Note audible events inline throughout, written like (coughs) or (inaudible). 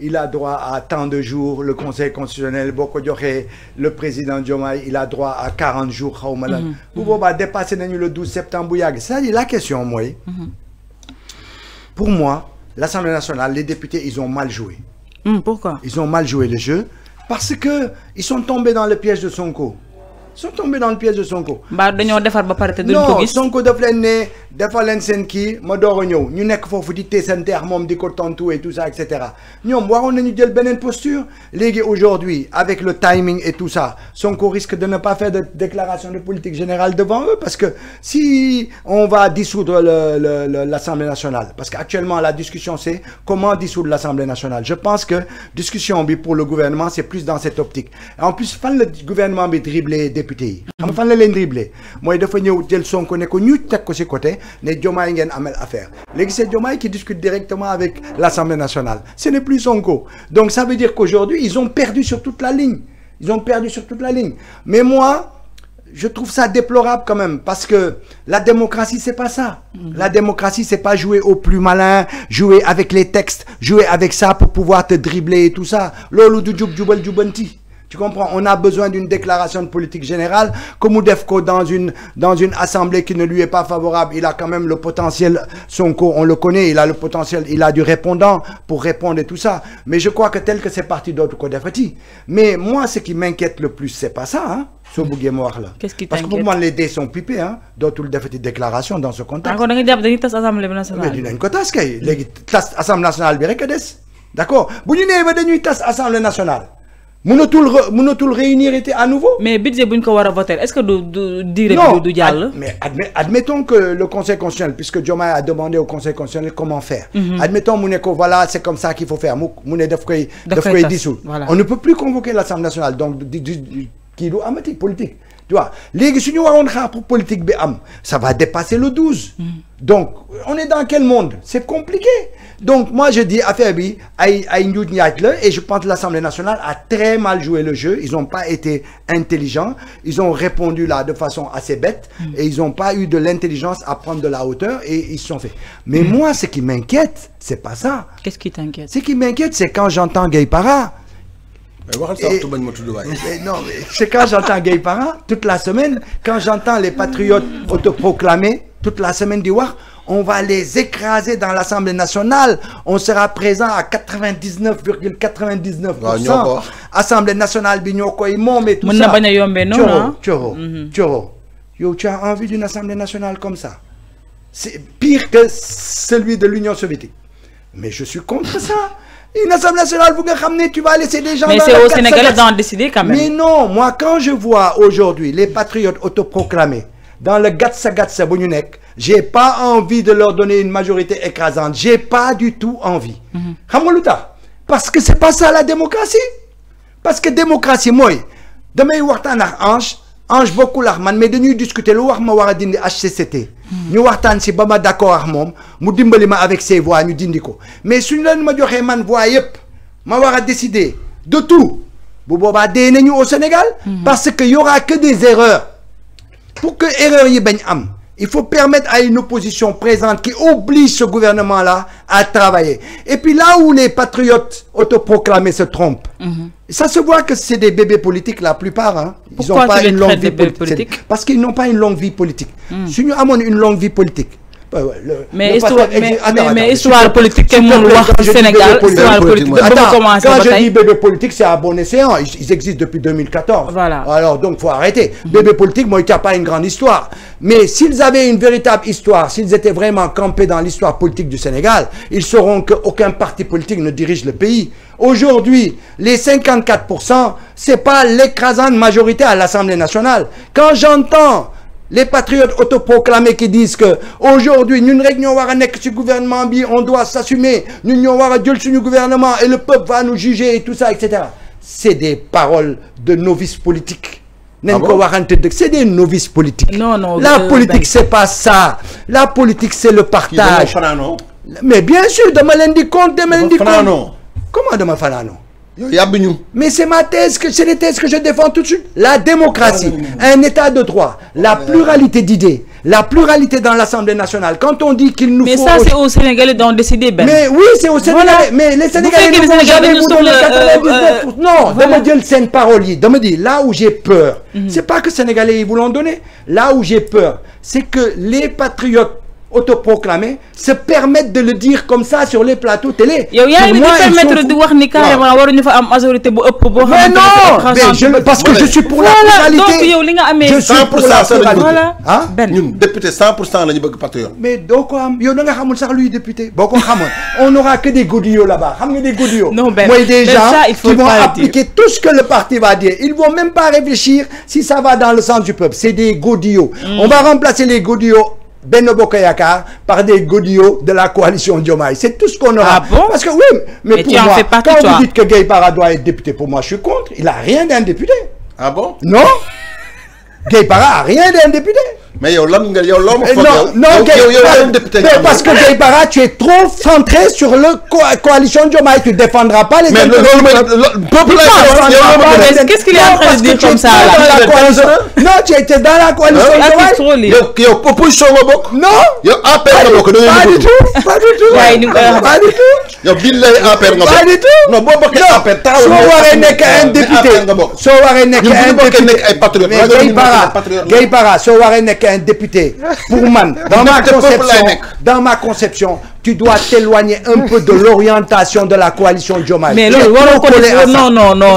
il a droit à tant de jours, le Conseil constitutionnel, Boko le président Diomaye, il a droit à 40 jours. Vous mhm. dépasser le 12 septembre. C'est la question, moi. Mhm. Pour moi, l'Assemblée nationale, les députés, ils ont mal joué. Mhm, pourquoi Ils ont mal joué le jeu parce que ils sont tombés dans le piège de Sonko. Ils sont tombés dans le piège de Sonko. Bah, non, Sonko de plein nez, defal leen seen ma door a ñu un terme di teesante ak mom di ko tontu et tout ça et cetera nañu jël benen posture léegi aujourd'hui avec le timing et tout ça Sonko risque de ne pas faire de déclaration de politique générale devant eux parce que si on va dissoudre l'Assemblée nationale parce qu'actuellement la discussion c'est comment dissoudre l'Assemblée nationale je pense que discussion pour le gouvernement c'est plus dans cette optique en plus fan le gouvernement bi driblé député xam fan la leen driblé moy dafa dit jël Sonko ne ko ñu tek ko ci côté ne Diomaye ngène amel affaire c'est qui discute directement avec l'Assemblée nationale ce n'est plus son go. donc ça veut dire qu'aujourd'hui ils ont perdu sur toute la ligne ils ont perdu sur toute la ligne mais moi je trouve ça déplorable quand même parce que la démocratie c'est pas ça. Mhm. La démocratie c'est pas jouer au plus malin, jouer avec les textes, jouer avec ça pour pouvoir te dribbler et tout ça. Lolo du djoubel du jubanti. Tu comprends On a besoin d'une déclaration de politique générale. Comme Oudefko dans une, dans une assemblée qui ne lui est pas favorable, il a quand même le potentiel, Sonko, on le connaît, il a le potentiel, il a du répondant pour répondre et tout ça. Mais je crois que tel que c'est parti d'autres Kodefati. Mais moi, ce qui m'inquiète le plus, c'est pas ça, hein ce bouguet là. Qu'est-ce qui Parce que pour moi, les dés sont pipés, hein, dans toute déclaration dans ce contexte. Encore une l'Assemblée nationale. Mais D'accord. l'Assemblée nationale, pas D'accord Assemblée nationale, mënatul mënatul réunir à nouveau. mais budget bu ko voter est-ce que du que diir du Non. mais admettons que le conseil constitutionnel puisque Djoma a demandé au conseil constitutionnel comment faire. Mhm. admettons que voilà c'est comme ça qu'il faut faire nous devons dissoudre on ne peut plus convoquer l'Assemblée nationale donc qui nous kii politique tu vois nous avons pour politique ça va dépasser le 12. Mm. donc on est dans quel monde c'est compliqué donc moi je dis à Ferbi, à ay et je pense que l'Assemblée nationale a très mal joué le jeu ils n'ont pas été intelligents ils ont répondu là de façon assez bête mm. et ils n'ont pas eu de l'intelligence à prendre de la hauteur et ils se sont fait mais mm. moi ce qui m'inquiète c'est pas ça qu'est-ce qui t'inquiète ce qui m'inquiète c'est quand j'entends gay Para (laughs) c'est quand j'entends Gay toute la semaine, quand j'entends les patriotes autoproclamés, toute la semaine du on va les écraser dans l'Assemblée nationale. On sera présent à 99,99%. Assemblée nationale, tout ça. Ah. Mhm. tu as envie d'une Assemblée nationale comme ça C'est pire que celui de l'Union soviétique. Mais je suis contre ça. Une assemblée nationale, vous ramener, tu vas laisser des gens. Mais c'est au Sénégalais d'en décider quand même. Mais non, moi, quand je vois aujourd'hui les patriotes autoproclamés dans le Gatsa Gatsa Bonyunek, j'ai pas envie de leur donner une majorité écrasante. J'ai pas du tout envie. Mhm. Parce que c'est pas ça la démocratie. Parce que démocratie, moi, demain, il y a un Ange beaucoup Larman mais dañuy discuter lu wax ma wara dindi HCCT. Hmm. ñu waxtaan ci bama d'accord ak moom mu dimbali ma avec ses voix ñu dindi ko mais suñu leen ma joxee man voix yépp ma wara décider de tout bu boba dé nañu au Sénégal. Hmm. parce que y aura que des erreurs pour que erreur yi bañ am. Il faut permettre à une opposition présente qui oblige ce gouvernement-là à travailler. Et puis là où les patriotes autoproclamés se trompent, mhm. ça se voit que c'est des bébés politiques la plupart. Hein. Ils n'ont pas, une longue vie politique. Parce qu'ils n'ont pas une longue vie politique. Si nous avons une longue vie politique, mais histoire mais histoire politique Sénégal quand je dis bébé politique c'est à bon escient ils existent depuis 2014. voilà alors donc faut arrêter. bébé politique moi, il n'y a pas une grande histoire. mais s'ils avaient une véritable histoire s'ils étaient vraiment campés dans l'histoire politique du Sénégal ils sauront qu'aucun aucun parti politique ne dirige le pays. Aujourd'hui, les 54 ce n'est c'est pas l'écrasante majorité à l'Assemblée nationale. quand j'entends les patriotes autoproclamés qui disent que aujourd'hui, nous régnons pas nek ce gouvernement, on doit s'assumer, nous n'avons pas sur le gouvernement et le peuple va nous juger et tout ça, etc. C'est des paroles de novices politiques. Ah c'est des novices politiques. Non, non, La euh, politique, ben. c'est pas ça. La politique, c'est le partage. Mais bien sûr, demain lundi compte, demain lundi compte. Comment demain fanano mais c'est ma thèse, que c'est les thèses que je défends tout de suite. La démocratie, un état de droit, la pluralité d'idées, la pluralité dans l'Assemblée nationale. Quand on dit qu'il nous faut... Mais ça, c'est aux Sénégalais d'en décider, Ben. Mais oui, c'est aux Sénégalais. Mais les Sénégalais ne vont jamais vous donner 99%. Euh, euh, non, euh, voilà. me dire le saine parolier. me là où j'ai peur, mhm. c'est pas que les Sénégalais, ils vous l'ont donné. Là où j'ai peur, c'est que les patriotes autoproclamé se permettre de le dire comme ça sur les plateaux télé. mais non parce que je suis pour la pluralité je suis pour ça. Ah? député 100% la bëgg mais donc, député (laughs) on n'aura que des godillots là-bas xam nga des godillots. non ben, gens qui vont appliquer tout ce que le parti va dire ils ne vont même pas réfléchir si ça va dans le sens du peuple c'est des godillots. Mm. on va remplacer les godillots. Benno par des godillots de la coalition Diomaye. C'est tout ce qu'on aura. Ah bon Parce que oui, mais, pour moi, quand toi. vous dites que Gay Parra doit être député, pour moi, je suis contre. Il n'a rien d'un député. Ah bon Non Gay Parra n'a rien d'un député mais il lan nga non parce que Gaïpara, tu es trop centré sur le coalition Diomaye tu défendras pas les. mais le peuple qu'est-ce qu'il est en train dire comme ça non tu étais dans la hein? coalition non pas du tout pas du tout. Euh, pas du tout. pas du tout non député pour (laughs) dans ma conception dans ma conception tu dois t'éloigner un peu de l'orientation de la coalition Diomaye mais non non non non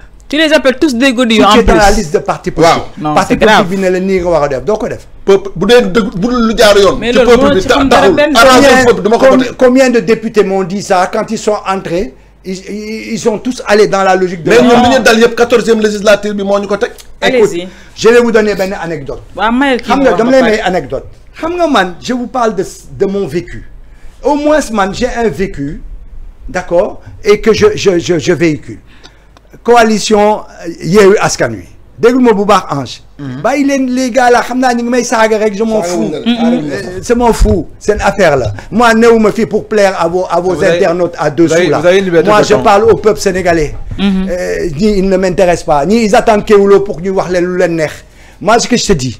tu les appelles tous des godilles en plus dans la liste de partis politiques. non c'est grave parti politique bi ne la nii nga def Donc, def. peuple mais le, combien de députés m'ont dit ça quand ils sont entrés ils ils sont tous allés dans la logique. de mais nous li dans le 14e législature bi moo je vais vous donner une anecdote. anecdote. man je vous parle de de mon vécu au moins matin, j'ai un vécu d'accord et que je je je je véhicule coalition il y dès déglu ma bu baax Ange. Mhm. Bah il les gars là, euh, euh, je m'en fous c'est m'en fous une affaire là. moi me fii pour plaire à vos à vos internautes à deux sous là moi je parle au peuple sénégalais mhm. euh, ils ne m'intéressent pas ils attendent que pour qu'ils voient les lu moi ce que je te dis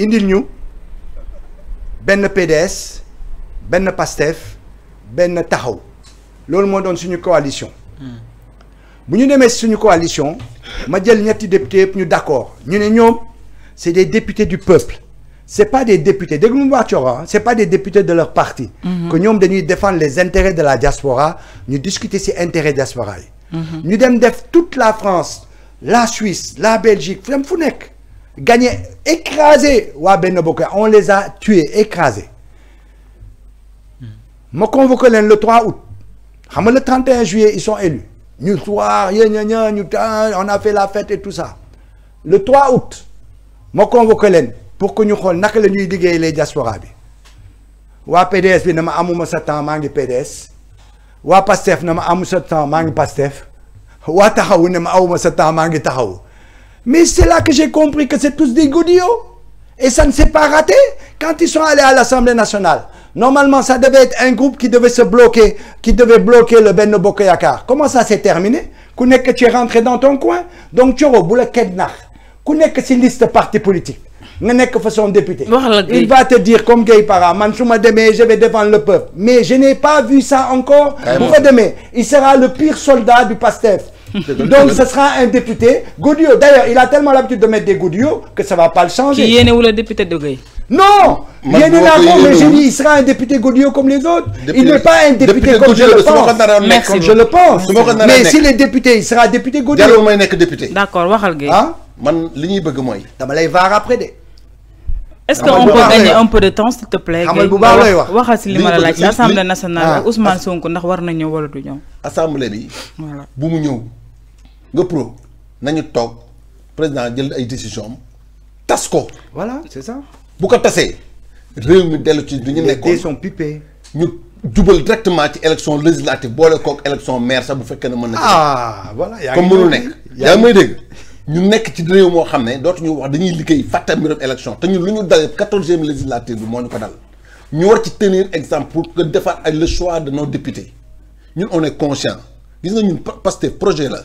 indil ñu Ben PDS Ben PASTEF Ben taxaw loolu mo doon suñu coalition. bu ñu demee suñu coalition ma jël ñetti député députés ñu d'accord ñu ne ñom c'est des députés du peuple c'est pas des députés dégg hein, pas des députés de leur parti. Mhm. que ñom dañuy défendre les intérêts de la diaspora ñu discuter ces intérêts diaspora Nous mhm. ñu dem toute la France la Suisse la Belgique fu dem gagné, écrasé ben On les a tués, écrasés. Je hmm. convoque le 3 août. Le 31 juillet, ils sont élus. Nous soir, on a fait la fête et tout ça. Le 3 août, je convoque les pour que nous que nous les diasporas. wa PDS bi PDS wa PASTEF PASTEF wa mais c'est là que j'ai compris que c'est tous des goudillots. Et ça ne s'est pas raté quand ils sont allés à l'Assemblée nationale. Normalement, ça devait être un groupe qui devait se bloquer, qui devait bloquer le Benno Bokoyakar. Comment ça s'est terminé que tu es rentré dans ton coin, donc tu es au bout de que c'est liste parti politique. ne nekk que son député il va te dire comme Guy Para je vais défendre le peuple mais je n'ai pas vu ça encore il sera le pire soldat du PASTEF (laughs) donc ce sera un député Goudio d'ailleurs il a tellement l'habitude de mettre des Goudio que ça ne va pas le changer. qui est où député de Gueye. non yéene mais je dis il sera un député Goudio comme les autres. il n'est pas un député comme je le pense je le pense. mais si le député il sera député Goudio. d'accord waxal Gueye. ah man li bëgg mooy. dama lay après de. Est-ce qu'on peut gagner un peu de temps s'il te plaît Je vais vous je waxal si li ma l'Assemblée assemblée nationale ah. Ousmane Sonko ndax war na ñëw wala assemblée bi voilà bu GoPro nañu toog président jël ay décision Tasco. tas voilà c'est ça. bu ko tasee réew mi dellu ci du ñu nekkoon sont pipés ñu jubal directement ci élection législative le kook élection maire Ça bu fait ne mën ah voilà yaa ngi comme mënu nekk. yaa ngi may dégg ñu nekk ci réew moo xam ne dootuñu wax dañuy liggéey fàtte mbiram élection te ñun lu ñu dal e législative bi moo ñu ko dal ñu war ci tenir exemple pour que defar ay le choix de nos députés ñun on est conscient gis nga ñun Pastef projet la.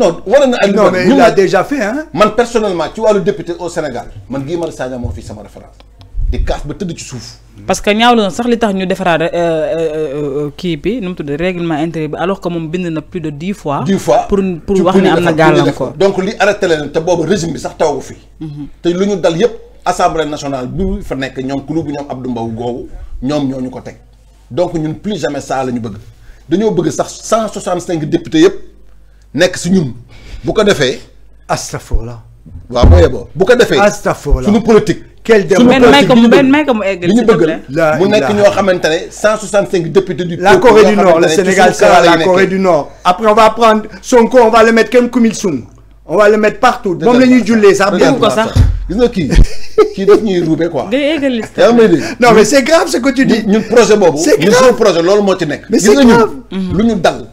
non war na Aliou eh, non mais il a déjà fait hein. man personnellement tu ci le député au Sénégal man Guy Marius Sagna moo fi sama référence di casse ba tëdd ci suuf. parce que ñaawlu na sax li tax ñu euh, euh, euh, euh, kii bi nu tudd règlement intérieur bi alors que moom bind na plus de 10 fois. 10 fois pour pour wax ne am na gàllankoor. donc li arrêté leen te boobu régime bi sax tawagu fi. Mhm. te lu ñu dal yëpp assemblée nationale bi fa nekk ñoom kuréel bu ñoom Abdou Mbow googu ñoom ñoo ñu ko teg donc ñun plus jamais ça la ñu bëgg dañoo bëgg sax cent députés yëpp. Next, nous, ñun bu ko wa bo bu ko politiques politique. quel démocratie 165 députés du. la Corée du Nord le Sénégal sera la Corée du Nord. après on va prendre son corps, on va le mettre comme il on va le mettre partout Bon, la jullé ça bien ko sax gis ñuy quoi. non mais c'est grave ce que tu dis. ñun projet Nous nous projet mais c'est grave Nous mhm. nga lu ñu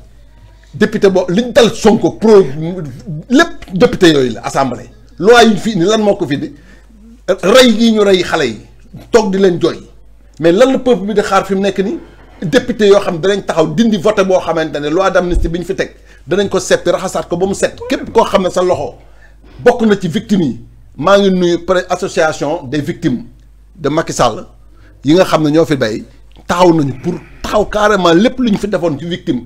député boo liñ dal Sonko pro lépp député yooyu la assemblée loi yi fi ni lan moo ko fi di rey gii ñu rey xale yi toog di leen jooy mais lan la peuple bi di xaar fi mu nekk nii député yoo xam ne danañ taxaw dindi voté boo xamante ne dem loi d'amnistie bi ñu fi teg danañ ko seppi raxasaat ko ba mu set képp koo xam ne sa loxo bokk na ci victimes yi maa ngi nuyu pré association des victimes de Macky Sall yi nga xam ne ñoo fi bay taxaw nañu pour taxaw carrément lépp lu ñu fi defoon ci victime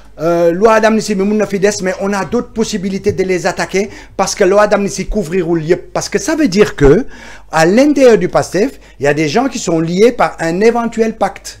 Euh, loi d'amnistie mais on a d'autres possibilités de les attaquer parce que loi d'amnistie parce que ça veut dire que à l'intérieur du PASTEF il y a des gens qui sont liés par un éventuel pacte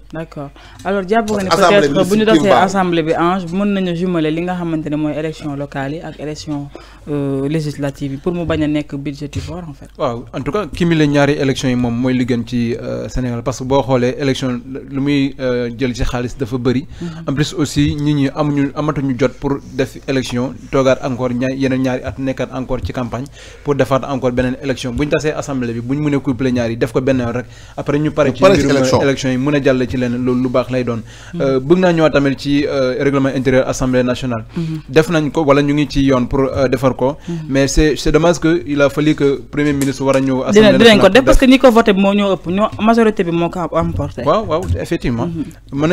D'accord. alors jàpp nga peut-être bu ñu defee assemblée bi vous hein, pouvez nous jumeler li nga vous ne élection locale et ak élection euh, législative pour mu bañ a budget fort, en fait. en tout cas qui cumuler ñaari élection yi moi mooy li gën ci euh, Sénégal parce que boo xoolee élection lu muy euh, jël ci xaalis dafa bëri. Mhm. en plus aussi ñi ñi amuñu amatuñu jot pour def élection toogaat encore ñaar yeneen ñaari at nekkaat encore ci campagne pour faire encore une élection bu ñu tasee assemblée bi vous pouvez mënee coupler ñaar def ko benn rek après nous parlons ci l'élection, élection yi mën a leneen loolu lu baax lay doon. Hmm. Euh, tamit ci euh, règlement intérieur assemblée nationale. Hmm. def nañ ko wala ñu ngi ci yoon pour euh, defar ko. Hmm. mais c'est c'est dommage que il a fallu que premier ministre wara assemblée nationale dinañ ko def parce que nico ko voter mo ñoo ëpp ñoo majorité bi moo ko emporté. waaw waaw effectivement. ma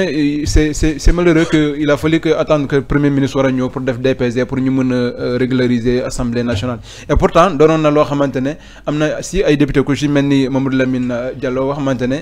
c'est c'est malheureux que il a fallu que attendre que premier ministre wara pour def DPG pour ñu mën régulariser assemblée nationale. et pourtant donon na lo xamantene amna si ay député ko ci melni ni Mamadou Lamine Diallo wax xamantene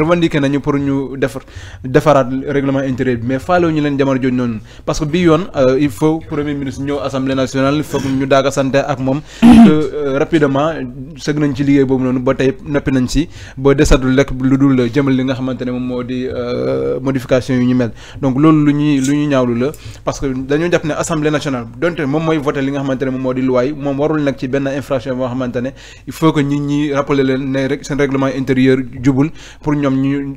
revendiquer nañu pour ñu defar defaraat règlement intérieur mais faalewu ñu leen jamono jooju noonu parce que bi yoon euh, il faut premier ministre ñëw assemblée nationale foog ñu daaga sante ak moom euh, rapidement sëg nañ ci liggéey boobu noonu ba tey noppi nañ si ba desatul rek lu dul jëmal li nga xamante ne moom moo euh, modification yu ñu mel donc loolu lu ñuy lu ñuy ñaawlu parce que dañoo jàpp ne assemblée nationale donte moom mooy voté li nga xamante ne moom moo di loi moom warul nag ci benn infraction boo xamante ne il faut que nit ñi rappeler leen ne rek seen règlement intérieur jubul pour ñoom ñu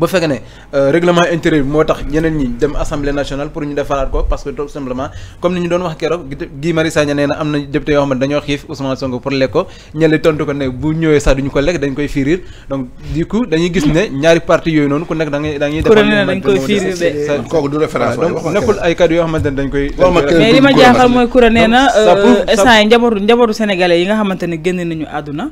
ba fekkee ne euh, règlement intérieur bi moo tax ñeneen ñi dem assemblée nationale pour ñu defaraat ko parce que tout simplement comme ni ñu doon wax keroog Guy Marius Sagna nee na am na député yoo xam ne koy firir donc du gis ne ñaari parti yooyu noonu ku nekk da ngay da ngay defar kooku du référence donc nekkul ay kàddu yoo xamante ne dañ koy mais li ma jaaxal mooy kura nee na euh, instant yi njabootu njabootu sénégalais yi nga xamante ne génn nañu àdduna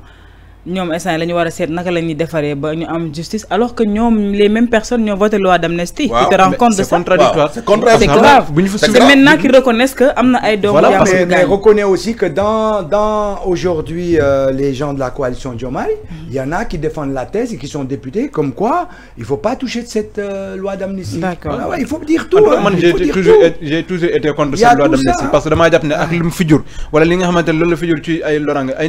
nous avons la que nous la justice alors que nous les mêmes personnes ont voté loi d'amnistie. tu te rends compte de ça c'est grave c'est grave c'est maintenant qu'ils reconnaissent que amna na ay doomu. voilà parce que mais reconnaît aussi que dans dans aujourd'hui euh, les gens de la coalition Diomari il y en a qui défendent la thèse et qui sont députés comme quoi il faut pas toucher de cette euh, loi d'amnistie. d'accord il faut dire tout. j'ai toujours été contre cette loi d'amnistie parce que je jàpp ne ak li mu fi jur wala li nga xamante ne la fi jur ci ay ay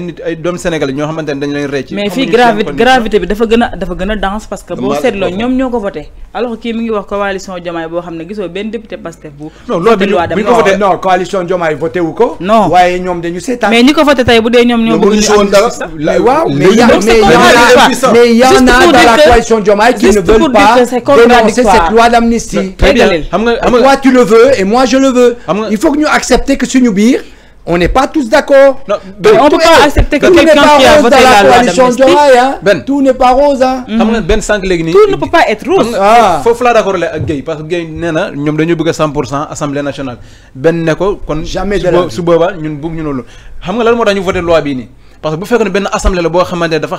nit mais fi gravité gravité bi dafa gëna dafa gëna a dense parce que bo sétlo ñom ñoko ko voté alors kii mi ngi wax coalition jomay bo xamné ne ben député Pastef bu non loolu bi ko voté non coalition jomay voté wu ko non ñom dañu seetaan mais ñiko ko voté tey bu dee ñoom ñoo bëgg ñu waaw mais il mais y en a dans la coalition jomay qui ne veulent pas dénoncer cette loi d'amnistie très bien xam nga toi tu le veux et moi je le veux il faut que ñu accepter que suñu bir on n'est pas tous d'accord. Ben, on ne peut pas accepter que quelqu'un qui a voté la, la coalition de Diomaye, hein. ben. tout n'est pas rose. Hein. Mm. -hmm. Ben sang légni. Tout ne peut pas être rose. Ah. Faut faire d'accord avec Gay parce que Gay néna ñom dañu bëgg 100% Assemblée nationale. Ben ne ko kon jamais de la. Su boba ñun bëgg ñu lolu. Xam nga lan mo dañu voter loi bi ni parce que bu faire une assemblée la dafa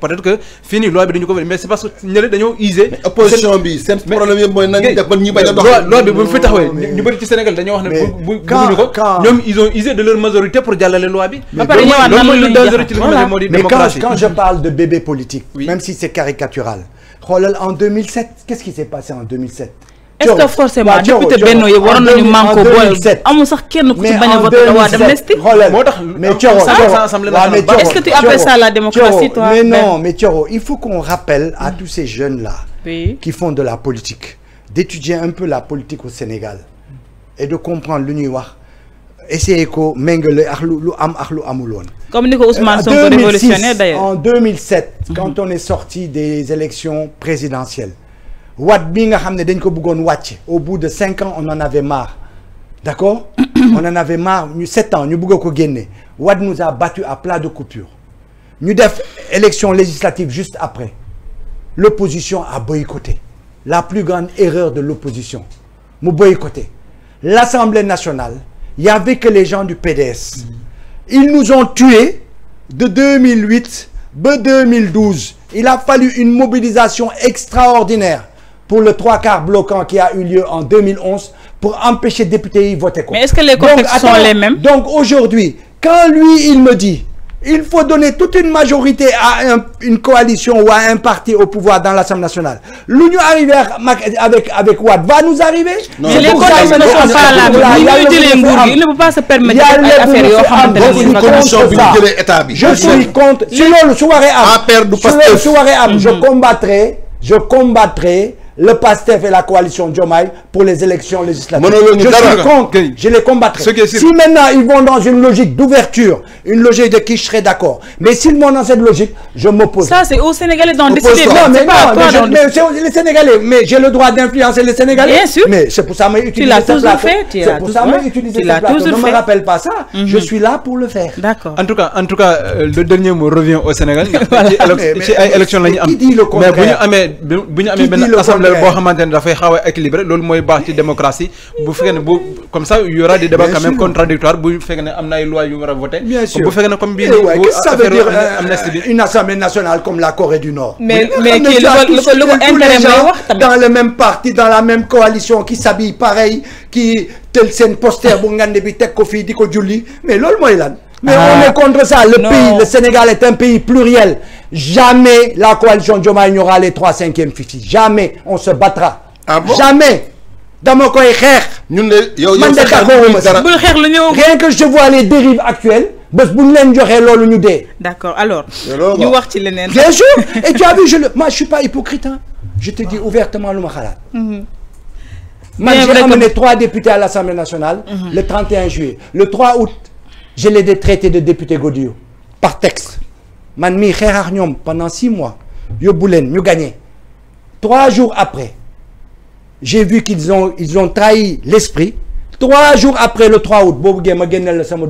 peut-être que fini loi bi dañu mais c'est parce que nous dañu problème loi ils ont de leur majorité pour loi mais quand je parle de bébé politique. même si c'est caricatural. en 2007 qu'est-ce qui s'est passé en 2007 est-ce que forcément député Benno yi waroon nañu manko boole amu sax kenn ku ci baña a voté waa d'amnistie mais Thioro est-ce que tu appelles ça la démocratie toi mais non ben? mais Thioro il faut qu'on rappelle à hmm. tous ces jeunes là qui font de la politique d'étudier un peu la politique au Sénégal et de comprendre l'Union. ñuy wax essayer ko méngale ak lu am ak lu comme Ousmane euh, Sonko révolutionnaire d'ailleurs en 2007 hmm. quand on est sorti des élections présidentielles au bout de cinq ans on en avait marre d'accord (coughs) on en avait marre sept ans nous a battu à plat de coupure avons def élection législative juste après l'opposition a boycotté la plus grande erreur de l'opposition Nous boycotté l'Assemblée nationale il n'y avait que les gens du PDS mm-hmm. ils nous ont tués de 2008 à 2012 il a fallu une mobilisation extraordinaire pour le trois quarts bloquant qui a eu lieu en 2011 pour empêcher les députés de voter contre. Mais est-ce que les contextes sont les mêmes Donc aujourd'hui, quand lui, il me dit il faut donner toute une majorité à une coalition ou à un parti au pouvoir dans l'Assemblée nationale. L'union arrivée avec, avec va nous arriver. mais les ne sont pas là. Il ne peut pas se permettre de Je suis contre. Sinon le soirée je mm-hmm. combattrai, je combattrai le PASTEF et la coalition Diomaye pour les élections législatives. je suis contre, je les combattrai. Si maintenant ils vont dans une logique d'ouverture, une logique de qui je serai d'accord, mais s'ils vont dans cette logique, je m'oppose. Ça, c'est aux Sénégalais d'en décider. Non, mais, non, les Sénégalais, mais j'ai le droit d'influencer les Sénégalais. Bien sûr. Mais c'est pour ça que j'ai utilisé tu toujours fait. C'est pour ça que utilisé Je Ne me rappelle pas ça. Mhm. Je suis là pour le faire. D'accord. En tout cas, en tout cas euh, le dernier mot revient au Sénégal. (laughs) Qui dit le contraire Qui dit le contraire modèle boo xamante ne dafay xaw a équilibré loolu mooy démocratie bu comme ça il y aura des débats quand même contradictoires bu vous avez am vous ay lois yu war bu comme bii eh nii bu euh, une assemblée nationale comme la Corée du Nord. mais qui est le le dans le même parti dans la même coalition qui s'habille pareil qui tel scène poster bu ngande bi teg ko fii mais c'est julli mais loolu mooy lan. Mais ah. on est contre ça. Le pays, le Sénégal est un pays pluriel. Jamais la coalition Diomaye n'aura les trois cinquièmes e Jamais on se battra. Ah Jamais. dans mon rien que je vois les dérives actuelles d'accord alors. bien sûr (laughs) et tu as vu je moi je ne suis pas hypocrite hein. je te dis ouvertement le ma mhm. j'ai amené trois députés à l'Assemblée nationale. Mhm. le 31 juillet le 3 août. Je l'ai détraité de député Godio par texte. Man mi pendant six mois. Yo boulen, yo gagné. Trois jours après, j'ai vu qu'ils ont, ils ont trahi l'esprit Trois jours après le 3 août,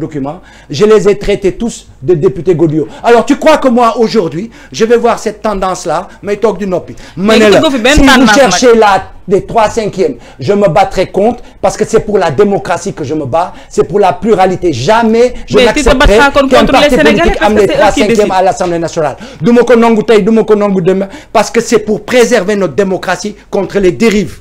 document, je les ai traités tous de députés Godio. Alors, tu crois que moi, aujourd'hui, je vais voir cette tendance-là, mais talk du Nopi. Manela, si vous cherchez la des 3 cinquièmes, je me battrai contre parce que c'est pour la démocratie que je me bats, c'est pour la pluralité. Jamais je n'accepterai qu'un parti politique amène les 3 cinquièmes à l'Assemblée nationale. Parce que c'est pour préserver notre démocratie contre les dérives.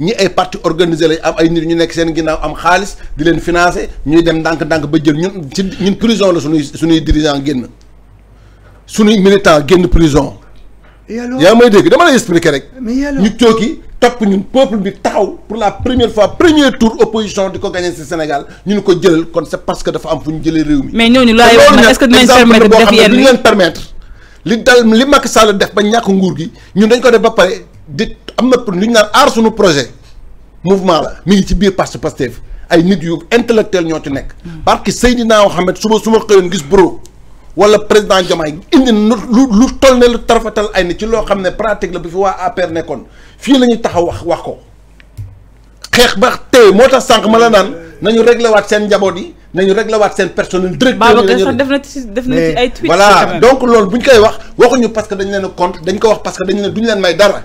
ñi ay parti organisé lañ am ay nit ñu nekk seen ginnaaw am xaalis di leen financé ñuy dem ndànk-ndànk ba jël ñu ci ñun prison la suñuy suñuy dirigeant génn suñuy militant génn prison yaa may dégg dama lay expliquer rek ñu cooki topp ñun peuple bi taxaw pour la première fois premier tour opposition di ko gagné ci Sénégal ñu ko jël kon c'est parce que dafa am fu ñu jëlee réew mi mais ñooñu laay wax est-ce que dinañ permettre def leen permettre li dal li Macky Sall def ba ñàkk nguur gi ñun dañ ko def ba pare di am na lu ñu naan aar suñu projet mouvement la mi ngi ci biir parti Pastef ay nit yu intellectuel ñoo ci nekk. parce que Seydina Mohamed suba su ma xëyoon gis bureau wala président Diomaye indi lu lu toll ne lu tarfatal ay nit ci loo xam ne pratique la bi fi waa APR nekkoon fii la ñuy taxaw wax wax ko xeex ba tey moo tax sànq ma la naan nañu réglé waat seen njaboot yi nañu réglé waat seen personnel. directeur yi sax donc loolu bu ñu koy wax waxuñu parce que dañ leen a compte dañ ko wax parce que dañ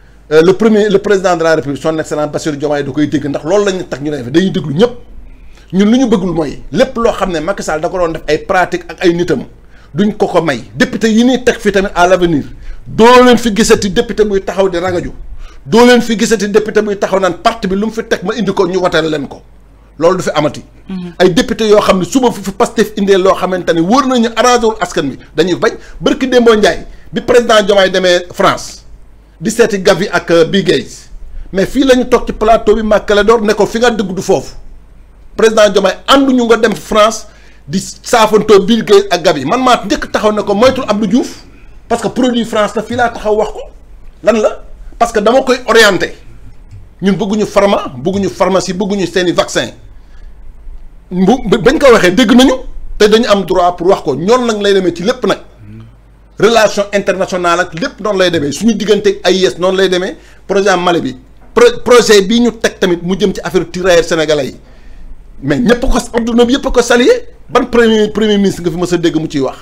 Euh, le premier le président de la république son excellent Bassirou Diomaye da koy dégg ndax loolu lañu tax ñu def dañuy déglu ñëpp ñun luñu bëggul moy lepp lo xamné ne Macky Sall da ko doon def ay pratique ak ay nitam duñ ko ko may député yi ñuy tek fi tamit à l'avenir do leen fi gisati député muy taxaw di ragaju do leen fi gisati député muy taxaw nan parti bi lu mu fi tek ma indi ko ñu wateel leen ko loolu du fi amati. Mhm. ay député yo xamné suba fu fi Pastef indee lo xamantani ne nañu arrangé wul askan mi dañuy bañ barki dembo ndjay bi président Diomaye demee France. di seeti Gavi ak euh, bigays mais fi la tok ci plateau bi Maclédor ne ko fi nga dugg du foofu président andu ñu nga dem France di saafantoo Bill Gates ak Gavi man ma njëkk taxaw ne ko moytul Abdou Diouf parce que produit France la fi la taxaw wax ko lan la parce que dama koy orienter ñun bëgguñu pharma bëgguñu pharmacie bëgguñu seeni vaccin bañ ko waxe dégg nañu te dañu am droit pour wax ko ñol nak lay démé ci lepp nak relation internationale ak lépp noonu lay demee suñu diggante ay yees noonu lay demee projet male bi projet bi ñu teg tamit mu jëm ci affaire tirailleurs sénégalais yi mais ñëpp ko adduna bi yëpp ko salué ban premier premier ministre nga fi mës a dégg mu ciy wax.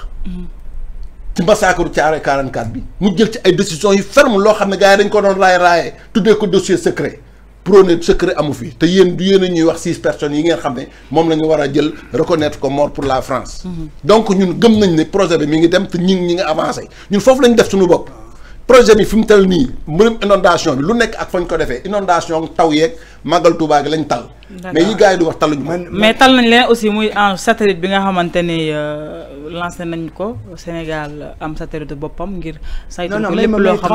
ci massacre Thiaroye 44 bi mu jël ci ay décisions yu ferme loo xam ne gars yi dañ ko doon raay raaye tuddee ko dossier secret. prôné secret amu fi te yéen du yéen a ñuy wax six personnes yi ngeen xam ne moom la ñu jël reconnaître comme mort pour la France. donc ñun gëm nañ ne projet bi mi ngi dem te ñi ngi ñi ngi avancé ñun foofu lañ def suñu bopp. projet bi fim tel ni nii inondation bi lu nekk ak fañ ko defee inondation taw yeeg magal touba gi lañ tal. mais yi gaay du wax taluñu mais tal nañ leen aussi muy en satellite bi nga xamante ne euh, lancé nañ ko Sénégal am satellite bopam ngir saytu ko lépp loo xam